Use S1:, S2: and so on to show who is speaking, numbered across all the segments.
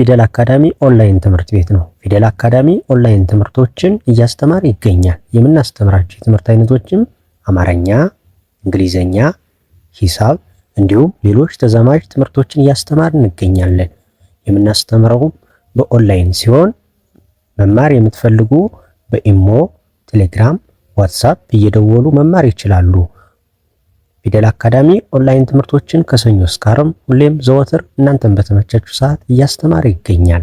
S1: ፊደል አካዳሚ ኦንላይን ትምህርት ቤት ነው። ፊደል አካዳሚ ኦንላይን ትምህርቶችን እያስተማር ይገኛል። የምናስተምራቸው የትምህርት አይነቶችም አማርኛ፣ እንግሊዘኛ፣ ሂሳብ እንዲሁም ሌሎች ተዛማጅ ትምህርቶችን እያስተማር እንገኛለን። የምናስተምረውም በኦንላይን ሲሆን መማር የምትፈልጉ በኢሞ፣ ቴሌግራም፣ ዋትሳፕ እየደወሉ መማር ይችላሉ። ፊደል አካዳሚ ኦንላይን ትምህርቶችን ከሰኞ እስከ ዓርብ ሁሌም ዘወትር እናንተን በተመቻችሁ ሰዓት እያስተማረ ይገኛል።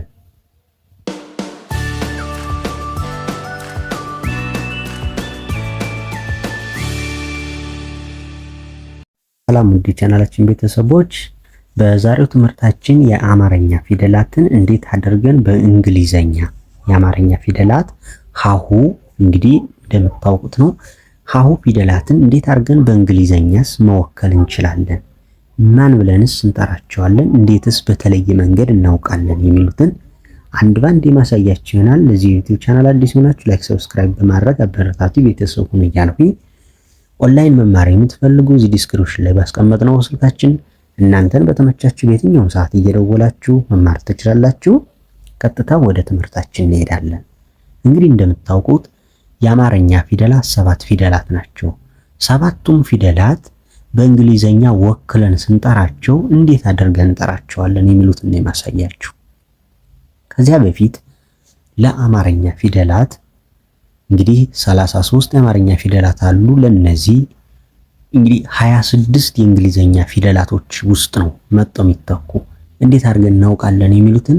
S2: ሰላም ውድ ቻናላችን ቤተሰቦች፣ በዛሬው ትምህርታችን የአማርኛ ፊደላትን እንዴት አድርገን በእንግሊዘኛ የአማርኛ ፊደላት ሀሁ እንግዲህ እንደምታውቁት ነው ሀሁ ፊደላትን እንዴት አድርገን በእንግሊዘኛስ መወከል እንችላለን? ማን ብለንስ እንጠራቸዋለን? እንዴትስ በተለየ መንገድ እናውቃለን? የሚሉትን አንድ ባንድ የማሳያችሁ ይሆናል። ለዚህ ዩቲዩብ ቻናል አዲስ ሆናችሁ ላይክ፣ ሰብስክራይብ በማድረግ አበረታቱ። ቤተሰብ ሁኑ እያልኩኝ ኦንላይን መማር የምትፈልጉ እዚህ ዲስክሪፕሽን ላይ ባስቀመጥነው ስልካችን እናንተን በተመቻችሁ በየትኛውም ሰዓት እየደወላችሁ መማር ትችላላችሁ። ቀጥታ ወደ ትምህርታችን እንሄዳለን። እንግዲህ እንደምታውቁት የአማርኛ ፊደላት ሰባት ፊደላት ናቸው። ሰባቱም ፊደላት በእንግሊዘኛ ወክለን ስንጠራቸው እንዴት አድርገን እንጠራቸዋለን የሚሉትን ነው የማሳያችሁ። ከዚያ በፊት ለአማርኛ ፊደላት እንግዲህ 33 የአማርኛ ፊደላት አሉ። ለነዚህ እንግዲህ 26 የእንግሊዘኛ ፊደላቶች ውስጥ ነው መጥተው የሚተኩ። እንዴት አድርገን እናውቃለን የሚሉትን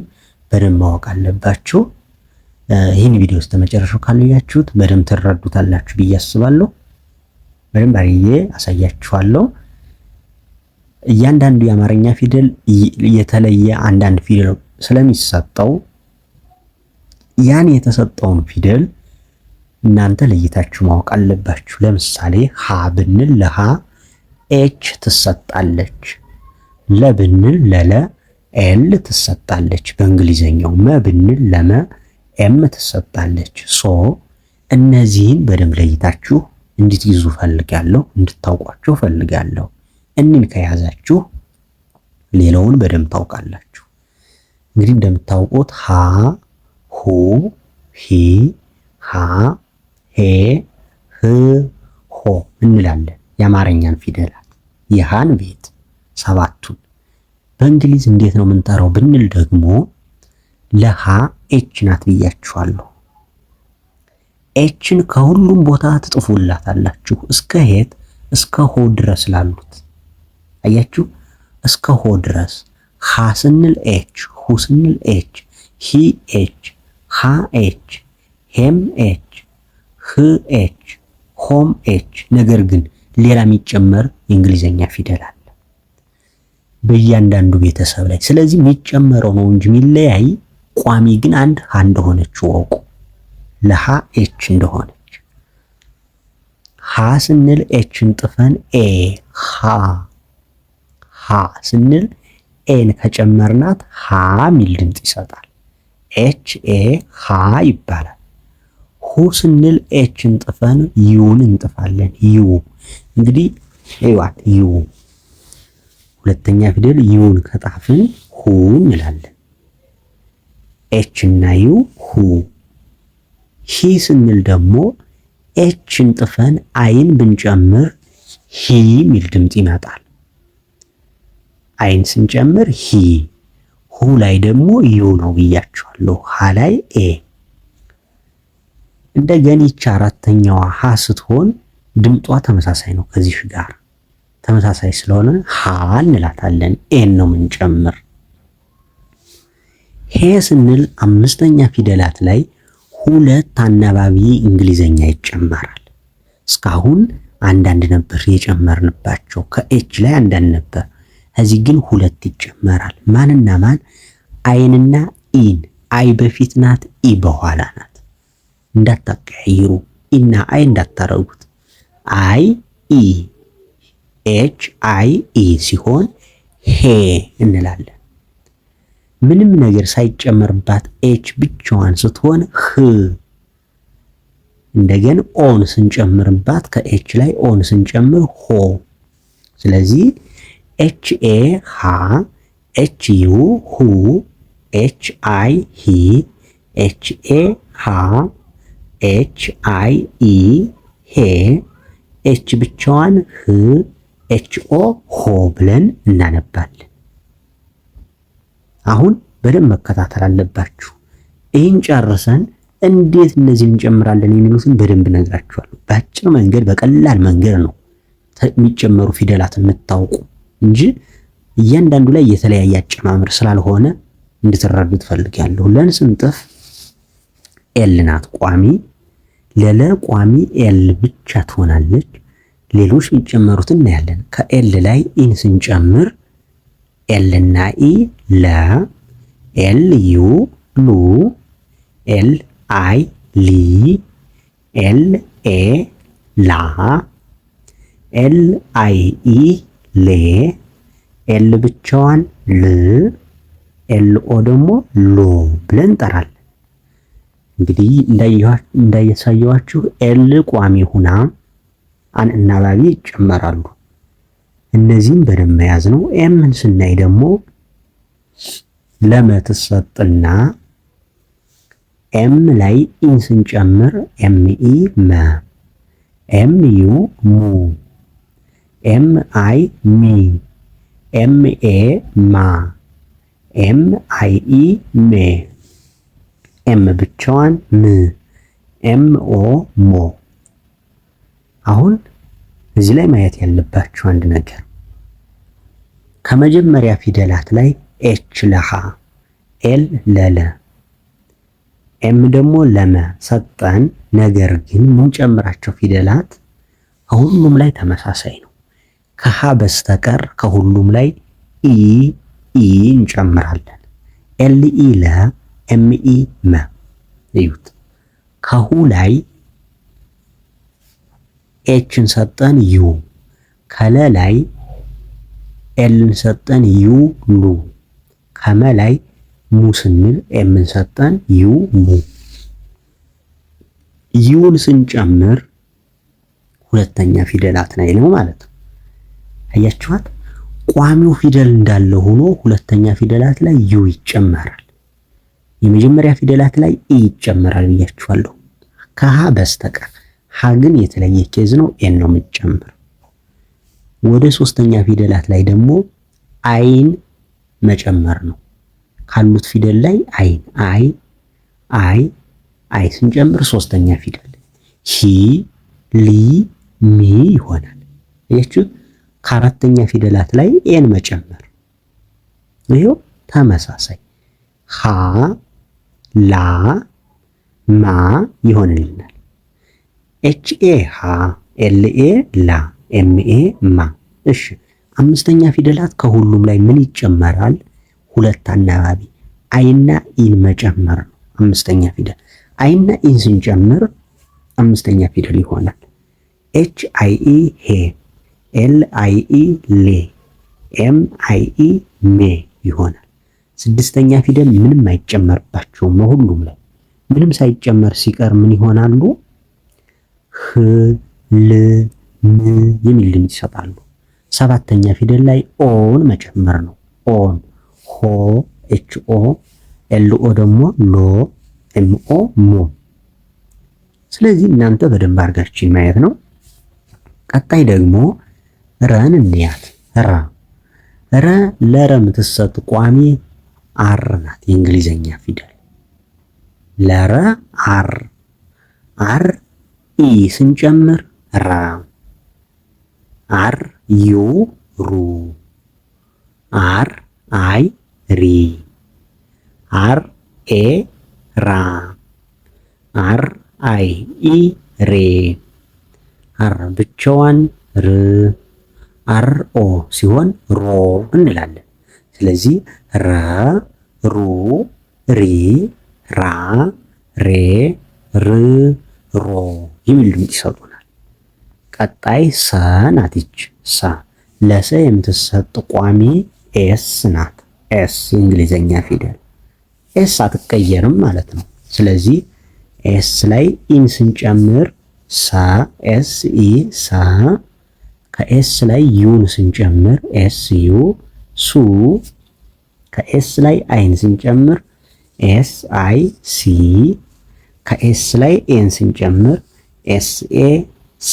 S2: በደንብ ማወቅ አለባቸው። ይህን ቪዲዮ እስከ መጨረሻው ካልያችሁት በደንብ ትረዱታላችሁ ብዬ አስባለሁ። በደንብ አርዬ አሳያችኋለሁ። እያንዳንዱ የአማርኛ ፊደል የተለየ አንዳንድ ፊደል ስለሚሰጠው ያን የተሰጠውን ፊደል እናንተ ለይታችሁ ማወቅ አለባችሁ። ለምሳሌ ሀ ብንል ለሀ ኤች ትሰጣለች። ለብንል ለለ ኤል ትሰጣለች በእንግሊዘኛው። መ ብንል ለመ ኤም ትሰጣለች። ሶ እነዚህን በደንብ ለይታችሁ እንድትይዙ ፈልጋለሁ፣ እንድታውቋቸው ፈልጋለሁ። እንን ከያዛችሁ ሌላውን በደንብ ታውቃላችሁ። እንግዲህ እንደምታውቁት ሀ ሁ ሂ ሃ ሄ ህ ሆ እንላለን የአማርኛን ፊደላት የሃን ቤት ሰባቱን በእንግሊዝ እንዴት ነው የምንጠራው ብንል ደግሞ ለሃ ኤች ናት ብያችኋለሁ። ኤችን ከሁሉም ቦታ ትጥፉላታላችሁ እስከ ሄት እስከ ሆ ድረስ ላሉት አያችሁ፣ እስከ ሆ ድረስ ሃ ስንል ኤች፣ ሁ ስንል ኤች፣ ሂ ኤች፣ ሃ ኤች፣ ሄም ኤች፣ ህ ኤች፣ ሆም ኤች። ነገር ግን ሌላ የሚጨመር የእንግሊዘኛ ፊደል አለ በእያንዳንዱ ቤተሰብ ላይ። ስለዚህ የሚጨመረው ነው እንጂ የሚለያይ ቋሚ ግን አንድ ሀ እንደሆነች ወቁ ለሀ ኤች እንደሆነች ሀ ስንል ኤችን ጥፈን ኤ ሀ ሀ ስንል ኤን ከጨመርናት ሀ ሚል ድምፅ ይሰጣል። ኤች ኤ ሀ ይባላል። ሁ ስንል ኤችን ጥፈን ዩን እንጥፋለን። ዩ እንግዲህ ይዋት ዩ ሁለተኛ ፊደል ዩን ከጣፍን ሁ እንላለን። ኤች እና ዩ ሁ። ሂ ስንል ደግሞ ኤችን ጥፈን አይን ብንጨምር ሂ የሚል ድምፅ ይመጣል። አይን ስንጨምር ሂ። ሁ ላይ ደግሞ ዩ ነው ብያቸዋለሁ። ሀ ላይ ኤ። እንደገን ይቺ አራተኛዋ ሀ ስትሆን ድምጧ ተመሳሳይ ነው ከዚህ ጋር ተመሳሳይ ስለሆነ ሀ እንላታለን። ኤን ነው ምንጨምር ሄ ስንል አምስተኛ ፊደላት ላይ ሁለት አናባቢ እንግሊዘኛ ይጨመራል። እስካሁን አንዳንድ ነበር የጨመርንባቸው። ከኤች ላይ አንዳንድ ነበር፣ እዚህ ግን ሁለት ይጨመራል። ማንና ማን? አይንና ኢን። አይ በፊት ናት፣ ኢ በኋላ ናት። እንዳታቀያይሩ፣ ኢና አይ እንዳታረጉት። አይ ኢ ኤች አይ ኢ ሲሆን ሄ እንላለን። ምንም ነገር ሳይጨመርባት ኤች ብቻዋን ስትሆን ህ እንደገን ኦን ስንጨምርባት ከኤች ላይ ኦን ስንጨምር ሆ። ስለዚህ ኤች ኤ ሃ፣ ኤች ዩ ሁ፣ ኤች አይ ሂ፣ ኤች ኤ ሃ፣ ኤች አይ ኢ ሄ፣ ኤች ብቻዋን ህ፣ ኤች ኦ ሆ ብለን እናነባለን። አሁን በደንብ መከታተል አለባችሁ። ይህን ጨርሰን እንዴት እነዚህን እንጨምራለን የሚሉትን በደንብ እነግራችኋለሁ። በአጭር መንገድ በቀላል መንገድ ነው የሚጨመሩ ፊደላት የምታውቁ እንጂ እያንዳንዱ ላይ የተለያየ አጨማምር ስላልሆነ እንድትረዱ ትፈልጋለሁ። ለን ስንጥፍ ኤል ናት ቋሚ። ለለ ቋሚ ኤል ብቻ ትሆናለች። ሌሎች የሚጨመሩት እናያለን። ከኤል ላይ ኢን ስንጨምር ኤል እና ኢ ለ ኤል ዩ ሉ ኤል አይ ሊ ኤል ኤ ላ ኤል አይ ኢ ሌ ኤል ብቻዋን ል ኤል ኦ ደግሞ ሎ ብለን እንጠራለን። እንግዲህ እንዳያሳየዋችሁ ኤል ቋሚ ሁና አን እና ባቢ ይጨመራሉ። እነዚህም በደንብ መያዝ ነው። ኤምን ስናይ ደግሞ ለመትሰጥና ኤም ላይ ኢን ስንጨምር ኤም ኢ መ፣ ኤም ዩ ሙ፣ ኤም አይ ሚ፣ ኤም ኤ ማ፣ ኤም አይ ኢ ሜ፣ ኤም ብቻዋን ም፣ ኤም ኦ ሞ። አሁን እዚህ ላይ ማየት ያለባችሁ አንድ ነገር ከመጀመሪያ ፊደላት ላይ ኤች ለሃ፣ ኤል ለለ፣ ኤም ደግሞ ለመ ሰጠን። ነገር ግን የምንጨምራቸው ፊደላት ከሁሉም ላይ ተመሳሳይ ነው። ከሃ በስተቀር ከሁሉም ላይ ኢ ኢ እንጨምራለን። ኤል ኢ ለ፣ ኤም ኢ መ። እዩት ከሁ ላይ ኤችን ሰጠን ዩ ከለ ላይ ኤልን ሰጠን ዩ ከመ ላይ ሙ ስንል ኤምን ሰጠን ዩ ሙ ዩን ስንጨምር ሁለተኛ ፊደላት ላይ ነው ማለት ነው። አያችኋት? ቋሚው ፊደል እንዳለ ሆኖ ሁለተኛ ፊደላት ላይ ዩ ይጨመራል። የመጀመሪያ ፊደላት ላይ ኢ ይጨመራል ብያችኋለሁ፣ ከሀ በስተቀር ሀ ግን የተለየ ኬዝ ነው። ኤን ነው የምጨምር ወደ ሶስተኛ ፊደላት ላይ ደግሞ አይን መጨመር ነው። ካሉት ፊደል ላይ አይን አይ አይ አይ ስንጨምር ሶስተኛ ፊደል ሂ ሊ ሚ ይሆናል። አያችሁት? ከአራተኛ ፊደላት ላይ ኤን መጨመር ይሄው ተመሳሳይ ሃ ላ ማ ይሆንልናል። ኤች ኤ ሀ ኤል ኤ ላ ኤምኤ ማ። እሺ አምስተኛ ፊደላት ከሁሉም ላይ ምን ይጨመራል? ሁለት አናባቢ አይና ኢን መጨመር ነው። አምስተኛ ፊደል አይና ኢን ስንጨምር አምስተኛ ፊደል ይሆናል። ኤች አይ ኢ ሄ፣ ኤል አይ ኢ ሌ፣ ኤም አይ ኢ ሜ ይሆናል። ስድስተኛ ፊደል ምንም አይጨመርባቸውም። በሁሉም ላይ ምንም ሳይጨመር ሲቀር ምን ይሆናሉ? ህ ል ም የሚል ድምፅ ይሰጣሉ። ሰባተኛ ፊደል ላይ ኦን መጨመር ነው። ኦን ሆ ኤች ኦ ኤል ኦ ደግሞ ሎ ኤም ኦ ሞ። ስለዚህ እናንተ በደንብ አድርጋችን ማየት ነው። ቀጣይ ደግሞ ረን እንያት። ራ ረ ለረ ምትሰጥ ቋሚ አር ናት። የእንግሊዘኛ ፊደል ለረ አር አር ኢ ስንጨምር ራ አር ዩ ሩ አር አይ ሪ አር ኤ ራ አር አይ ኢ ሬ አር ብቻዋን ር አር ኦ ሲሆን ሮ እንላለን። ስለዚህ ረ ሩ ሪ ራ ሬ ር ሮ የሚል ድምፅ ይሰጡናል። ቀጣይ ሰ ናትች ሰ ለሰ የምትሰጥ ቋሚ ኤስ ናት። ኤስ የእንግሊዘኛ ፊደል ኤስ አትቀየርም ማለት ነው። ስለዚህ ኤስ ላይ ኢን ስንጨምር ሳ ኤስ ኢ ሳ፣ ከኤስ ላይ ዩን ስንጨምር ኤስ ዩ ሱ፣ ከኤስ ላይ አይን ስንጨምር ኤስ አይ ሲ፣ ከኤስ ላይ ኤን ስንጨምር ኤስ ኤ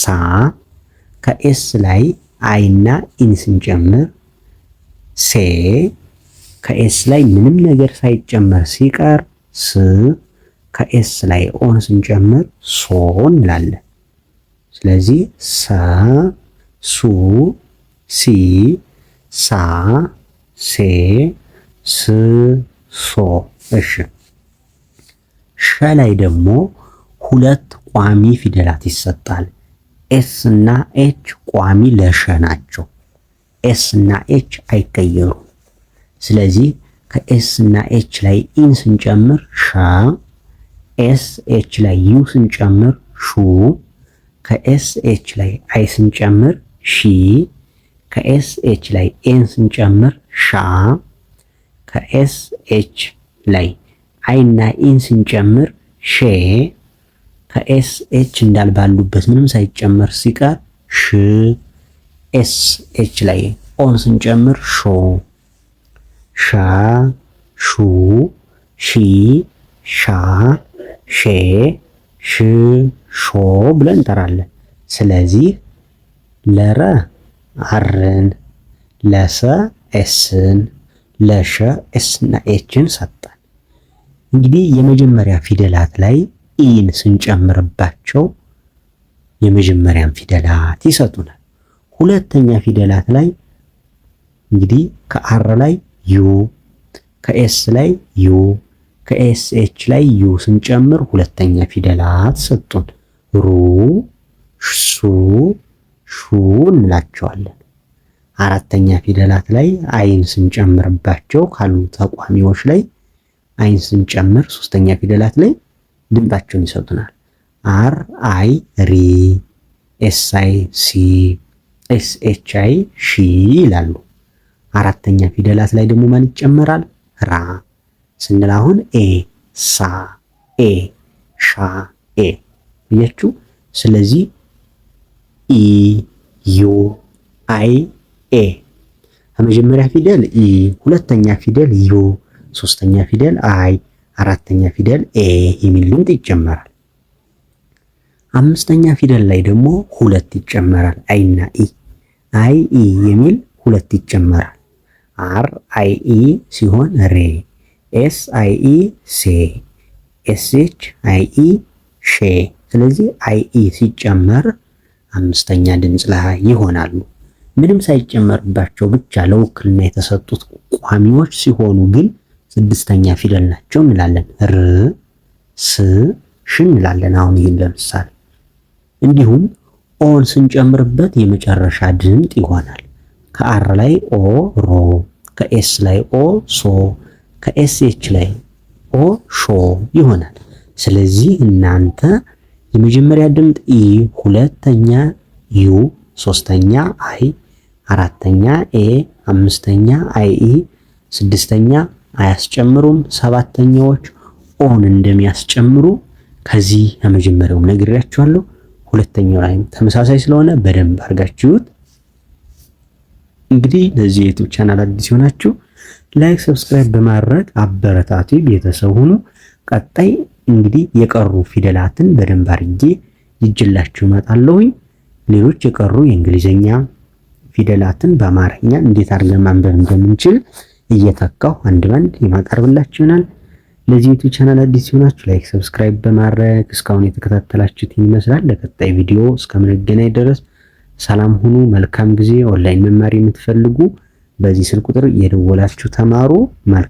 S2: ሳ ከኤስ ላይ አይና ኢን ስንጨምር ሴ ከኤስ ላይ ምንም ነገር ሳይጨመር ሲቀር ስ ከኤስ ላይ ኦን ስንጨምር ሶ እንላለን። ስለዚህ ሰ፣ ሱ፣ ሲ፣ ሳ፣ ሴ፣ ስ፣ ሶ። እሺ ሸ ላይ ደግሞ ሁለት ቋሚ ፊደላት ይሰጣል። ኤስ እና ኤች ቋሚ ለሸ ናቸው። ኤስ እና ኤች አይቀየሩም። ስለዚህ ከኤስ እና ኤች ላይ ኢን ስንጨምር ሻ፣ ኤስ ኤች ላይ ዩ ስንጨምር ሹ፣ ከኤስ ኤች ላይ አይ ስንጨምር ሺ፣ ከኤስ ኤች ላይ ኤን ስንጨምር ሻ፣ ከኤስ ኤች ላይ አይ እና ኢን ስንጨምር ሼ ከኤስ ኤች እንዳል ባሉበት ምንም ሳይጨመር ሲቀር ሽ ኤስ ኤች ላይ ኦን ስንጨምር ሾ ሻ ሹ ሺ ሻ ሼ ሽ ሾ ብለን እንጠራለን። ስለዚህ ለረ አርን ለሰ ኤስን ለሸ ኤስና ኤችን ሰጠን። እንግዲህ የመጀመሪያ ፊደላት ላይ ኢን ስንጨምርባቸው የመጀመሪያን ፊደላት ይሰጡናል። ሁለተኛ ፊደላት ላይ እንግዲህ ከአር ላይ ዩ ከኤስ ላይ ዩ ከኤስ ኤች ላይ ዩ ስንጨምር ሁለተኛ ፊደላት ሰጡን። ሩ፣ ሱ፣ ሹ እንላቸዋለን። አራተኛ ፊደላት ላይ አይን ስንጨምርባቸው ካሉ ተቋሚዎች ላይ አይን ስንጨምር ሶስተኛ ፊደላት ላይ ድምጣቸውን ይሰጡናል። አር አይ ሪ፣ ኤስ አይ ሲ፣ ኤስ ኤች አይ ሺ ይላሉ። አራተኛ ፊደላት ላይ ደግሞ ማን ይጨመራል? ራ ስንል አሁን ኤ ሳ ኤ ሻ ኤ ብያችሁ። ስለዚህ ኢ ዩ አይ ኤ ከመጀመሪያ ፊደል ኢ፣ ሁለተኛ ፊደል ዩ፣ ሶስተኛ ፊደል አይ አራተኛ ፊደል ኤ የሚል ድምፅ ይጨመራል። አምስተኛ ፊደል ላይ ደግሞ ሁለት ይጨመራል። አይና ኢ አይ ኢ የሚል ሁለት ይጨመራል። አር አይ ኢ ሲሆን ሬ፣ ኤስ አይ ኢ ሴ፣ ኤስ ኤች አይ ኢ ሼ። ስለዚህ አይ ኢ ሲጨመር አምስተኛ ድምፅ ላይ ይሆናሉ። ምንም ሳይጨመርባቸው ብቻ ለውክልና የተሰጡት ቋሚዎች ሲሆኑ ግን ስድስተኛ ፊደል ናቸው እንላለን። ር ስ ሽ እንላለን። አሁን ይህን ለምሳሌ እንዲሁም ኦን ስንጨምርበት የመጨረሻ ድምፅ ይሆናል። ከአር ላይ ኦ ሮ፣ ከኤስ ላይ ኦ ሶ፣ ከኤስኤች ላይ ኦ ሾ ይሆናል። ስለዚህ እናንተ የመጀመሪያ ድምፅ ኢ፣ ሁለተኛ ዩ፣ ሶስተኛ አይ፣ አራተኛ ኤ፣ አምስተኛ አይ ኢ፣ ስድስተኛ አያስጨምሩም። ሰባተኛዎች ኦን እንደሚያስጨምሩ ከዚህ የመጀመሪያውም ነግሬያችኋለሁ። ሁለተኛው ላይም ተመሳሳይ ስለሆነ በደንብ አድርጋችሁት እንግዲህ ለዚህ ዩቲዩብ ቻናል አዲስ ሆናችሁ ላይክ፣ ሰብስክራይብ በማድረግ አበረታቱ ቤተሰብ ሁኑ። ቀጣይ እንግዲህ የቀሩ ፊደላትን በደንብ አድርጌ ይጅላችሁ እመጣለሁኝ። ሌሎች የቀሩ የእንግሊዝኛ ፊደላትን በአማርኛ እንዴት አድርገን ማንበብ እንደምንችል እየተካው አንድ ባንድ የማቀርብላችሁ ይሆናል። ለዚህ ዩቲዩብ ቻናል አዲስ ሲሆናችሁ ላይክ፣ ሰብስክራይብ በማድረግ እስካሁን የተከታተላችሁት ይመስላል። ለቀጣይ ቪዲዮ እስከምንገናኝ ድረስ ሰላም ሁኑ። መልካም ጊዜ። ኦንላይን መማር የምትፈልጉ በዚህ ስልክ ቁጥር የደወላችሁ ተማሩ። መልካም